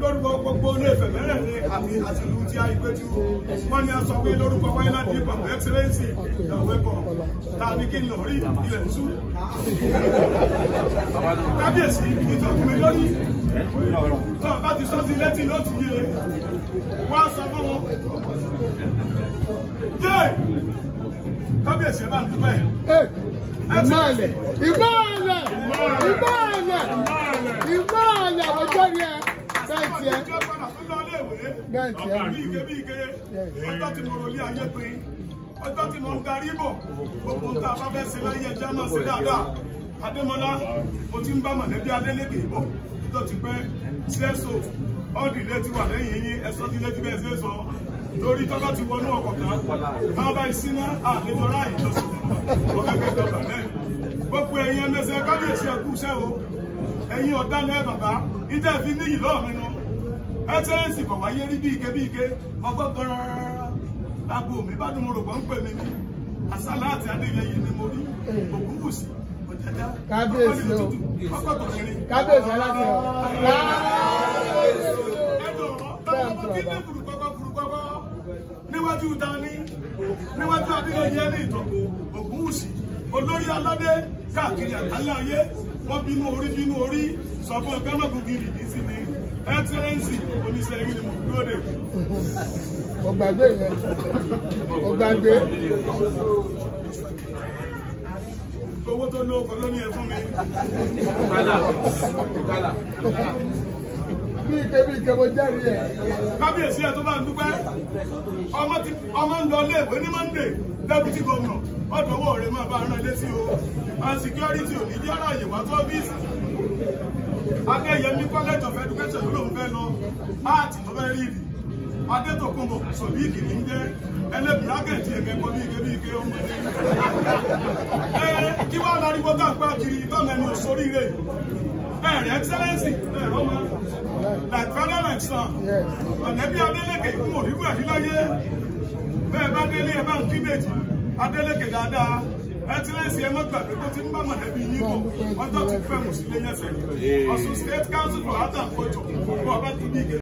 lórúkọ gbogbo ilé Ifẹ̀ mẹ́rẹ̀ẹ̀rin àmì àti ìlú tí a ìgbéjú wọn ni a sọ pé lórúkọ wáyé láti ìgbà pẹ̀lú excellence ìyàwó ẹ̀kọ́ tàbí kí ni ọ̀rí ilẹ̀ ń sú. kábíyèsí ìtọ́kùnrin lórí tó bá ti sọ́ọ́ sí létí lóòtú yé wá sọ fún wọn. kábíyèsí ẹ bá ń dúpẹ́. ìmọ̀ọ́lẹ̀ ìmọ̀ọ́lẹ̀ ìmọ̀ọ́lẹ̀ ìmọ̀ọ́lẹ̀ ọjọ́ yẹn tiẹ̀. bẹ́ẹ̀ tiẹ̀ ọ̀gá bí ike bí ike ọjọ́ tí mo rọlé ayé pin ọjọ́ tí mo ń darí bọ̀ gbogbo nǹkan afẹ́fẹ́ sí láyé ẹja náà sí dáadáa Adémọ́lá mo ti ń bá mọ̀lẹ́bí Adélékè bọ̀ tó ti pẹ́ sẹ́sọ ọ́ọ̀dì létí wà lẹ́yìn yín ẹ̀sọ́ ti létí bẹ́ẹ̀ ṣe sọ lórí tọ́lá ti wọnú ọkọ̀ kan máa bá ìsinmi àdémọ́lá ìjọsìn ọ̀gẹ́gẹ́ dọ̀bà náà gbogbo ẹsẹ̀nsì kọ̀ wáyé rí bí ike bí ike ọgbọ́ gbọ́rọ́rọ́rọ́ agbo mi bá dùn mo rò ń pè mí ní àsálà àti adéyẹyẹ ni mo rí ògúnwùsì ọ̀jẹ̀dá kábíyèsí o kábíyèsí o kábíyèsí o ẹ̀dùn ọ̀rọ̀ bá kí níwájú dání níwájú adéyẹyẹ ní ìtọ́kù ògúnwùsì olórí aládé káàkiri àtàlẹ́ ayé wọ́n bínú orí bínú orí sọ fún ọgbẹ́ ní sí ẹtílẹ́ǹsì oníṣẹ́yìn ni mo dúró dè. ọgbàgbé yẹn ọgbàgbé. owó tó ní ọkọ̀ lónìí ẹ̀ fún mi. ìgbàlà ìgbàlà bí ike bí ike mo jẹ́rìí ẹ̀. kábíyèsí ẹ̀ tó bá ń dúpẹ́ ọmọ ń lọ léèwé ní mọ́ndé dẹ́bùtì gómìnà ọ̀dọ̀ owó rẹ̀ máa bá rán létí o and security ò ní jẹ́ ráàyè wá tó ọ́fíìsì adéyẹmí college of education ló lòún fẹ́ lọ áàtì tó fẹ́ rí rí adétòkùnbọ sọ̀bí ìkìlì ń jẹ́ ẹlẹ́bùn rákẹ́tì ẹ̀kẹ́kọ́ bí ike bí ike ó mọ̀ ẹ kí wàá lariwo gbàgbà kiri tọ́nà ẹni òṣòríire ẹ̀rẹ̀ ẹ́sẹ́lẹ́sì ẹ̀rọ mọ́ làtúwádà làtúwà ọ̀nẹ́bí adélèké fún òrìrú ẹ̀rí láyé bẹ́ẹ̀ bá délé ẹ̀ bá ń kí méjì adélèké dáadáa ẹtílẹ́sì ẹ má gbàgbé tó ti ń bá mọ̀lẹ́bí yín bọ̀ wọ́n tó ti fẹ́ mùsùlùmí ẹsẹ̀ Ọ̀ṣun state council for adam kojú bọ̀ bá ti bí ìgbẹ́.